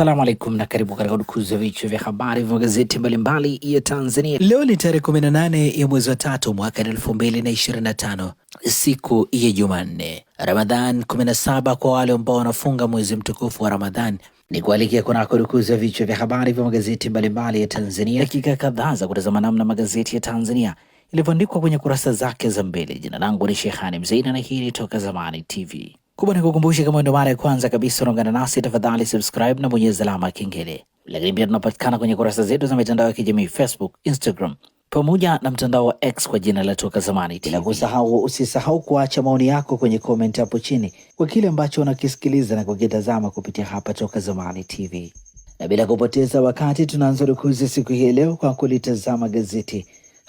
Assalamu alaikum na karibu katika udukuzi ya vichwa vya habari vya magazeti mbalimbali ya Tanzania. Leo ni tarehe 18 ya mwezi wa tatu mwaka 2025, siku ya Jumanne, Ramadhan 17 kwa wale ambao wanafunga mwezi mtukufu wa Ramadhan ni kualikia kunako dukuzi ya vichwa vya habari vya magazeti mbalimbali ya Tanzania, dakika kadhaa za kutazama namna magazeti ya Tanzania ilivyoandikwa kwenye kurasa zake za mbele. Jina langu ni Shehani Mzeina na hii ni Toka Zamani TV. Kubwa ni kukumbusha, kama ndio mara ya kwanza kabisa unaungana nasi, tafadhali subscribe na bonyeza alama ya kengele. Lakini pia tunapatikana kwenye kurasa zetu za mitandao ya kijamii Facebook, Instagram pamoja na mtandao wa X kwa jina la Toka Zamani. Bila kusahau, usisahau kuacha maoni yako kwenye comment hapo chini kwa kile ambacho unakisikiliza na kukitazama kupitia hapa Toka Zamani TV, na bila kupoteza wakati tunaanza rukuzi siku hii leo kwa kulitazama gazeti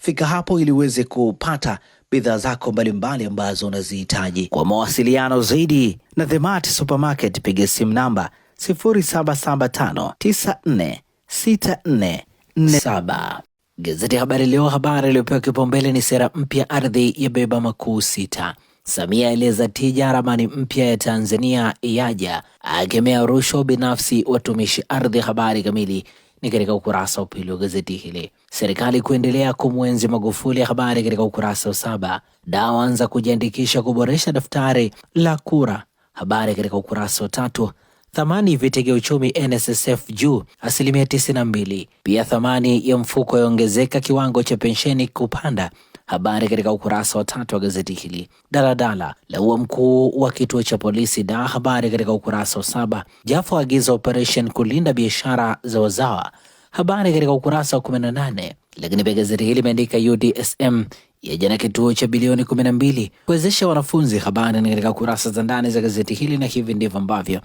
fika hapo ili uweze kupata bidhaa zako mbalimbali ambazo unazihitaji. Kwa mawasiliano zaidi na Mart Supermarket, piga simu namba 0775946447. Gazeti ya Habari Leo, habari iliyopewa kipaumbele ni sera mpya ardhi ya beba makuu sita. Samia aeleza tija, ramani mpya ya Tanzania yaja, akemea rushwa binafsi watumishi ardhi. Habari kamili ni katika ukurasa wa pili wa gazeti hili. Serikali kuendelea kumwenzi Magufuli, habari katika ukurasa wa saba. Dawa anza kujiandikisha kuboresha daftari la kura, habari katika ukurasa wa tatu. Thamani vitega uchumi NSSF juu asilimia 92. Pia thamani ya mfuko yaongezeka, kiwango cha pensheni kupanda Habari katika ukurasa wa tatu wa gazeti hili. Daladala la mkuu wa kituo cha polisi da. Habari katika ukurasa wa saba. Jafo agiza operation kulinda biashara za wazawa. Habari katika ukurasa wa nane. Lakini pia gazeti hili imeandika UDSM yaja na kituo cha bilioni 12 kuwezesha wanafunzi. Habari ni katika kurasa za ndani za gazeti hili, na hivi ndivyo ambavyo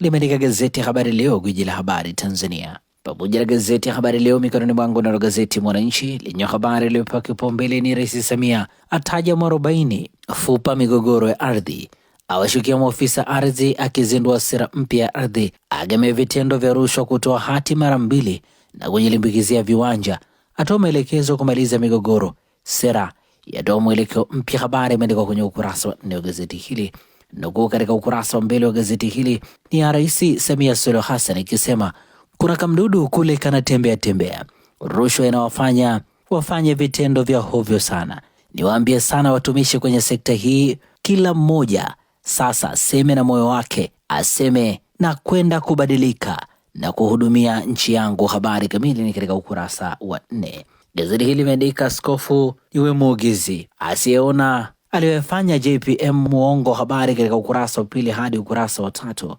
limeandika gazeti ya Habari Leo, gwiji la habari Tanzania pamoja na gazeti ya Habari Leo mikononi mwangu. Nalo gazeti Mwananchi lenye habari iliyopewa kipaumbele ni Rais Samia ataja mwarobaini fupa migogoro ya ardhi, awashukia maofisa ardhi, akizindua sera mpya ya ardhi, agemea vitendo vya rushwa, kutoa hati mara mbili na kujilimbikizia viwanja, atoa maelekezo kumaliza migogoro, sera yatoa mwelekeo mpya. Habari imeandikwa kwenye ukurasa wa nne wa gazeti hili. Nukuu katika ukurasa wa mbele wa gazeti hili ni ya Rais Samia Suluhu Hassan ikisema kuna kamdudu kule kanatembea tembea. Rushwa inawafanya wafanye vitendo vya hovyo sana. Niwaambie sana watumishi kwenye sekta hii, kila mmoja sasa aseme na moyo wake, aseme na kwenda kubadilika na kuhudumia nchi yangu. Habari kamili ni katika ukurasa wa nne. Gazeti hili limeandika askofu iwe muugizi asiyeona aliyofanya JPM muongo. Habari katika ukurasa wa pili hadi ukurasa wa tatu.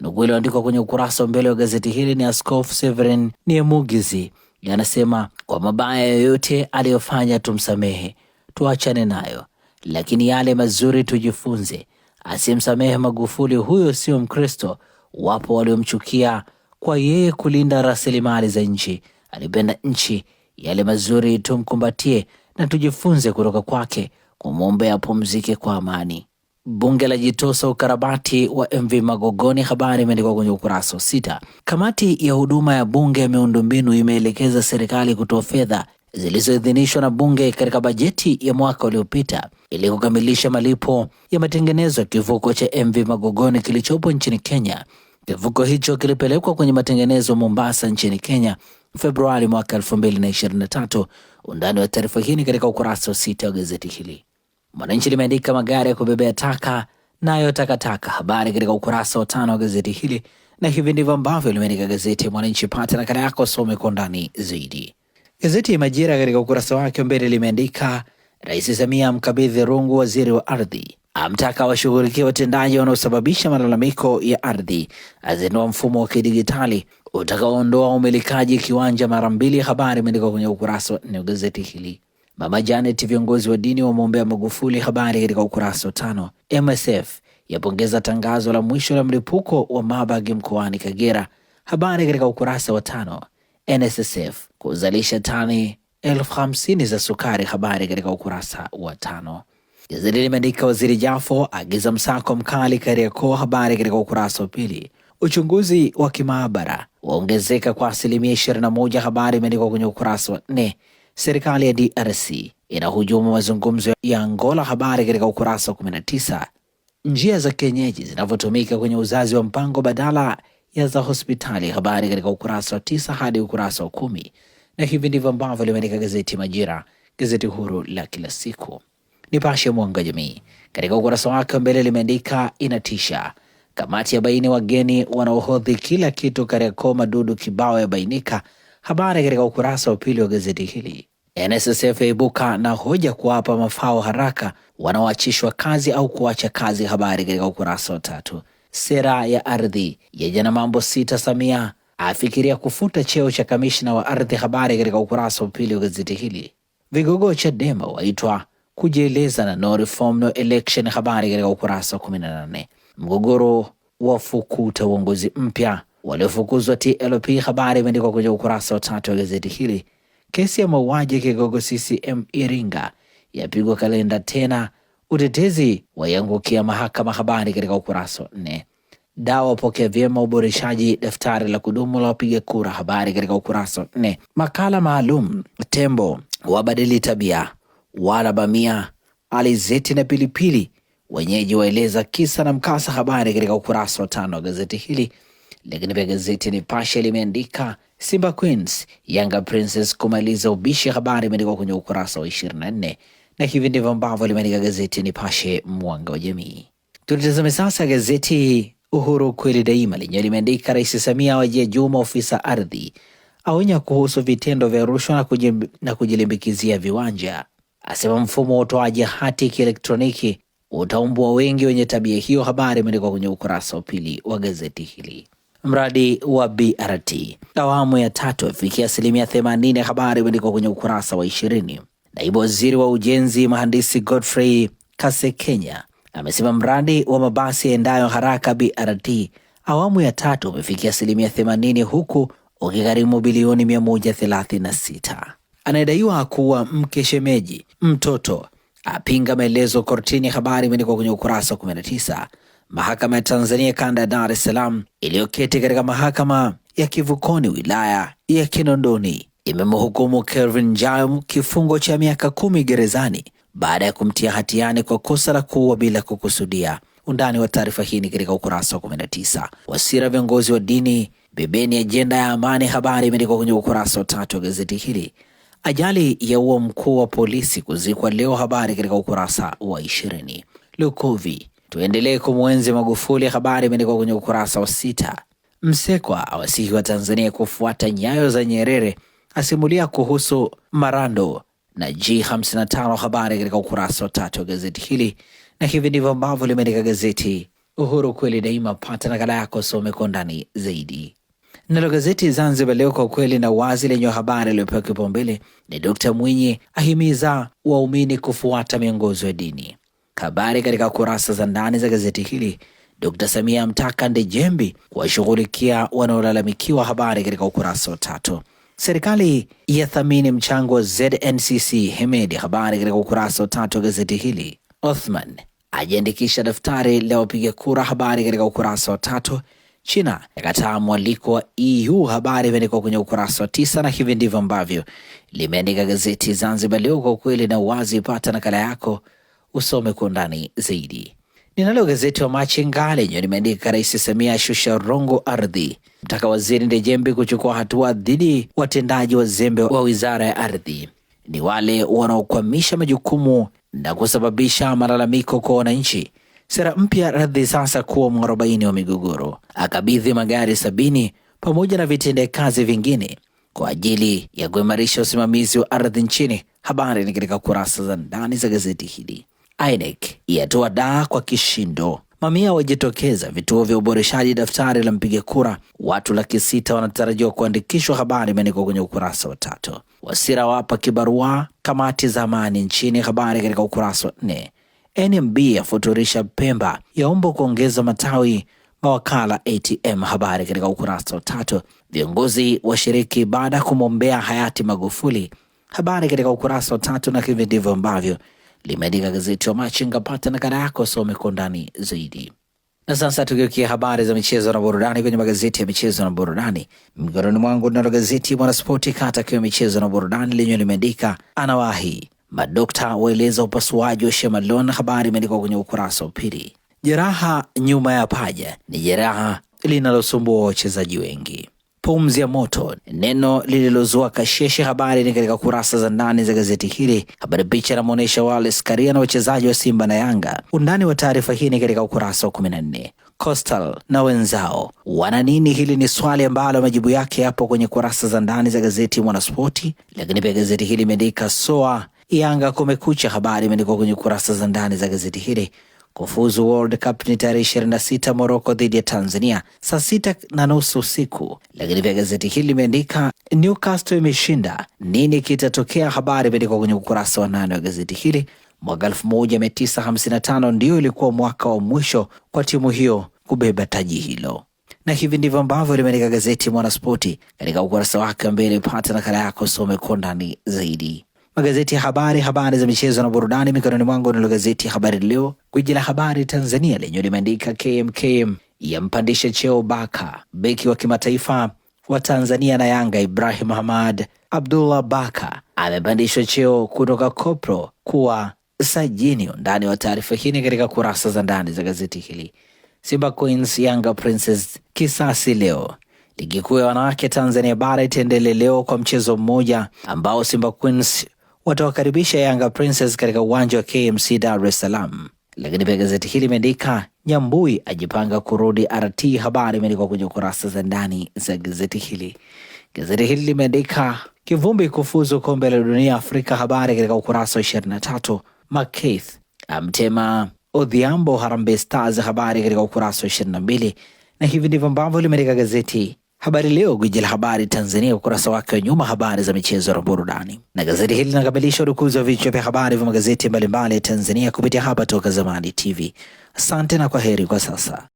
Nukuu iliyoandikwa kwenye ukurasa wa mbele wa gazeti hili ni Askofu Severin Niemugizi anasema, kwa mabaya yoyote aliyofanya tumsamehe, tuachane nayo, lakini yale mazuri tujifunze. Asiyemsamehe Magufuli huyo sio Mkristo. Wapo waliomchukia kwa yeye kulinda rasilimali za nchi. Alipenda nchi. Yale mazuri tumkumbatie na tujifunze kutoka kwake, kumwombea apumzike kwa amani. Bunge la jitosa ukarabati wa MV Magogoni. Habari imeandikwa kwenye ukurasa wa sita. Kamati ya huduma ya bunge ya miundombinu imeelekeza serikali kutoa fedha zilizoidhinishwa na bunge katika bajeti ya mwaka uliopita ili kukamilisha malipo ya matengenezo ya kivuko cha MV Magogoni kilichopo nchini Kenya. Kivuko hicho kilipelekwa kwenye matengenezo Mombasa nchini Kenya Februari mwaka 2023. Undani wa taarifa hii ni katika ukurasa wa sita wa gazeti hili. Mwananchi limeandika magari ya kubebea taka nayo takataka, habari katika ukurasa wa tano wa gazeti hili, na hivi ndivyo ambavyo limeandika gazeti ya Mwananchi. Pata nakala yako, some kwa ndani zaidi. Gazeti ya Majira katika ukurasa wake mbele limeandika Rais Samia amkabidhi rungu waziri wa ardhi, amtaka washughulikie watendaji wanaosababisha malalamiko ya ardhi, azindua mfumo wa kidigitali utakaoondoa umilikaji kiwanja mara mbili. Habari imeandikwa kwenye ukurasa wa nne wa gazeti hili. Mama Janet, viongozi wa dini wamwombea Magufuli. Habari katika ukurasa wa tano. MSF yapongeza tangazo la mwisho la mlipuko wa mabagi mkoani Kagera. Habari katika ukurasa wa tano. NSSF kuzalisha tani elfu hamsini za sukari. Habari katika ukurasa wa tano. Gazeti limeandika Waziri Jafo agiza msako mkali Kariakoo. Habari katika ukurasa wa pili. Uchunguzi wa kimaabara waongezeka kwa asilimia 21. Habari imeandikwa kwenye ukurasa wa nne. Serikali ya DRC inahujumu mazungumzo ya Angola. Habari katika ukurasa wa 19. Njia za kienyeji zinavyotumika kwenye uzazi wa mpango badala ya za hospitali. Habari katika ukurasa wa tisa hadi ukurasa wa kumi. Na hivi ndivyo ambavyo limeandika gazeti Majira, gazeti huru la kila siku. Nipashe Mwanga Jamii katika ukurasa wake mbele limeandika inatisha, kamati ya baini wageni wanaohodhi kila kitu Kariakoo, madudu kibao ya bainika Habari katika ukurasa wa pili wa gazeti hili. NSSF yaibuka na hoja kuwapa mafao haraka wanaoachishwa kazi au kuacha kazi. Habari katika ukurasa wa tatu. Sera ya ardhi yaja na mambo sita, Samia afikiria kufuta cheo cha kamishna wa ardhi. Habari katika ukurasa wa pili wa gazeti hili. Vigogo Chadema waitwa kujieleza na no reform no election. Habari katika ukurasa wa 18. Mgogoro wafukuta uongozi mpya waliofukuzwa TLP. Habari imeandikwa kwenye ukurasa wa tatu wa gazeti hili. Kesi ya mauaji ya kigogo CCM Iringa yapigwa kalenda tena, utetezi waiangukia mahakama. Habari katika ukurasa wa nne. Dawa wapokea vyema uboreshaji daftari la kudumu la wapiga kura. Habari katika ukurasa wa nne. Makala maalum tembo wabadili tabia, wala bamia, alizeti na pilipili, wenyeji waeleza kisa na mkasa. Habari katika ukurasa wa tano wa gazeti hili. Lakini pia gazeti Nipashe limeandika Simba Queens Yanga Princess kumaliza ubishi, habari imeandikwa kwenye ukurasa wa 24 na hivi ndivyo ambavyo limeandika gazeti Nipashe mwanga wa jamii. Tulitazame sasa gazeti Uhuru kweli daima, lenyewe limeandika Rais Samia awajia Juma ofisa ardhi, aonya kuhusu vitendo vya rushwa na kujilimbikizia viwanja, asema mfumo wa utoaji hati kielektroniki utaumbua wengi wenye tabia hiyo. Habari imeandikwa kwenye ukurasa wa pili wa gazeti hili mradi wa BRT awamu ya tatu afikia asilimia 80. Habari imeandikwa kwenye ukurasa wa ishirini. Naibu waziri wa ujenzi mhandisi Godfrey Kasekenya amesema mradi wa mabasi yaendayo haraka BRT awamu ya tatu umefikia asilimia 80 huku ukigharimu bilioni 136. Anayedaiwa kuwa mke shemeji mtoto apinga maelezo kortini. Habari imeandikwa kwenye ukurasa wa 19. Mahakama ya Tanzania kanda ya Dar es Salaam iliyoketi katika mahakama ya Kivukoni wilaya ya Kinondoni imemhukumu Kelvin Njau kifungo cha miaka kumi gerezani baada ya kumtia hatiani kwa kosa la kuua bila kukusudia. Undani wa taarifa hii ni katika ukurasa wa 19. Wasira viongozi wa dini bebeni ajenda ya amani, habari imeandikwa kwenye ukurasa wa tatu wa gazeti hili. Ajali ya ua mkuu wa polisi kuzikwa leo, habari katika ukurasa wa ishirini. Lukuvi Tuendelee kumwenzi Magufuli. Habari imeandikwa kwenye ukurasa wa sita. Msekwa awasihi wa Tanzania kufuata nyayo za Nyerere, asimulia kuhusu Marando na G55. Habari katika ukurasa wa tatu wa gazeti hili, na hivi ndivyo ambavyo limeandika gazeti Uhuru kweli daima. Pata nakala yako, some kwa ndani zaidi. Nalo gazeti Zanzibar Leo, kwa ukweli na wazi, lenye habari iliyopewa kipaumbele ni Dkt Mwinyi ahimiza waumini kufuata miongozo ya dini. Habari katika kurasa za ndani za gazeti hili. Dr. Samia amtaka Ndejembi kuwashughulikia wanaolalamikiwa, habari katika ukurasa wa tatu. Serikali yathamini mchango wa ZNCC Hemedi, habari katika ukurasa wa tatu wa gazeti hili. Othman ajiandikisha daftari la wapiga kura, habari katika ukurasa wa tatu. China yakataa mwaliko wa EU, habari imeandikwa kwenye ukurasa wa tisa, na hivi ndivyo ambavyo limeandika gazeti Zanzibar Leo, kwa kweli na uwazi. Pata nakala yako usome kwa undani zaidi. Ninalo gazeti wa Machinga lenyewe limeandika Rais Samia ashusha rongo ardhi, mtaka waziri Ndejembi kuchukua hatua dhidi watendaji wazembe wa wizara ya ardhi, ni wale wanaokwamisha majukumu na kusababisha malalamiko kwa wananchi. Sera mpya ardhi sasa kuwa mwarobaini wa migogoro, akabidhi magari sabini pamoja na vitendekazi vingine kwa ajili ya kuimarisha usimamizi wa ardhi nchini. Habari ni katika kurasa za ndani za gazeti hili. INEC yatoa daa kwa kishindo. Mamia wajitokeza vituo vya uboreshaji daftari la mpiga kura. Watu laki sita wanatarajiwa kuandikishwa. Habari imeandikwa kwenye ukurasa wa tatu. Wasira wapa kibarua kamati za amani nchini, habari katika ukurasa wa nne. NMB yafuturisha Pemba, yaomba kuongeza matawi mawakala ATM, habari katika ukurasa wa tatu. Viongozi washiriki baada ya kumwombea hayati Magufuli, habari katika ukurasa wa tatu. Na hivi ndivyo ambavyo limeandika gazeti wa Machinga. Pata nakala yako, asome kwa undani zaidi. Na sasa tugeukia habari za michezo na burudani kwenye magazeti ya michezo na burudani. Mikononi mwangu nalo gazeti Mwanaspoti kata akiwa michezo na burudani, lenyewe limeandika anawahi madokta waeleza upasuaji wa Shemalon. Habari imeandikwa kwenye ukurasa wa pili. Jeraha nyuma ya paja ni jeraha linalosumbua wachezaji wengi pumzi ya moto, neno lililozua kasheshe habari ni katika kurasa za ndani za gazeti hili. Habari picha inamwonyesha Wallace Karia na wachezaji wa Simba na Yanga. Undani wa taarifa hii ni katika ukurasa wa kumi na nne. Coastal na wenzao wana nini? Hili ni swali ambalo majibu yake yapo kwenye kurasa za ndani za gazeti Mwanaspoti, lakini pia gazeti hili imeandika soa Yanga kumekucha, habari imeandikwa kwenye kurasa za ndani za gazeti hili kufuzu World Cup ni tarehe 26 Morocco dhidi ya Tanzania saa sita na nusu usiku. Lakini pia gazeti hili limeandika Newcastle imeshinda, nini kitatokea? Habari imeandikwa kwenye ukurasa wa nane wa gazeti hili. Mwaka 1955 ndio ilikuwa mwaka wa mwisho kwa timu hiyo kubeba taji hilo na hivi ndivyo ambavyo limeandika gazeti Mwanaspoti katika ukurasa wake wa mbele. Pata nakala yako, some kwa ndani zaidi magazeti ya habari, habari za michezo na burudani. Mikononi mwangu nalo gazeti ya Habari Leo, gwiji la habari Tanzania, lenyewe limeandika KMKM yampandisha cheo Baka, beki wa kimataifa wa Tanzania na Yanga Ibrahim Hamad Abdullah Baka amepandishwa cheo kutoka kopro kuwa sajini. Undani wa taarifa hii ni katika kurasa za ndani za gazeti hili. Simba Queens Yanga Princess kisasi leo. Ligi kuu ya wanawake Tanzania bara itaendelea leo kwa mchezo mmoja ambao Simba Queens watawakaribisha Yanga Princess katika uwanja wa KMC Dar es Salaam. Lakini pia gazeti hili imeandika Nyambui ajipanga kurudi RT. Habari imeandikwa kwenye kurasa za ndani za gazeti hili. Gazeti hili limeandika Kivumbi kufuzu kombe la dunia Afrika, habari katika ukurasa wa tatu McKeith amtema Odhiambo Harambee Stars, habari katika ukurasa wa mbili na hivi ndivyo ambavyo limeandika gazeti Habari Leo, gwiji la habari Tanzania, ukurasa wake wa nyuma, habari za michezo na burudani. Na gazeti hili linakamilisha urukuzi wa vichwa vya habari vya magazeti mbalimbali ya Tanzania kupitia hapa Toka Zamani TV. Asante na kwa heri kwa sasa.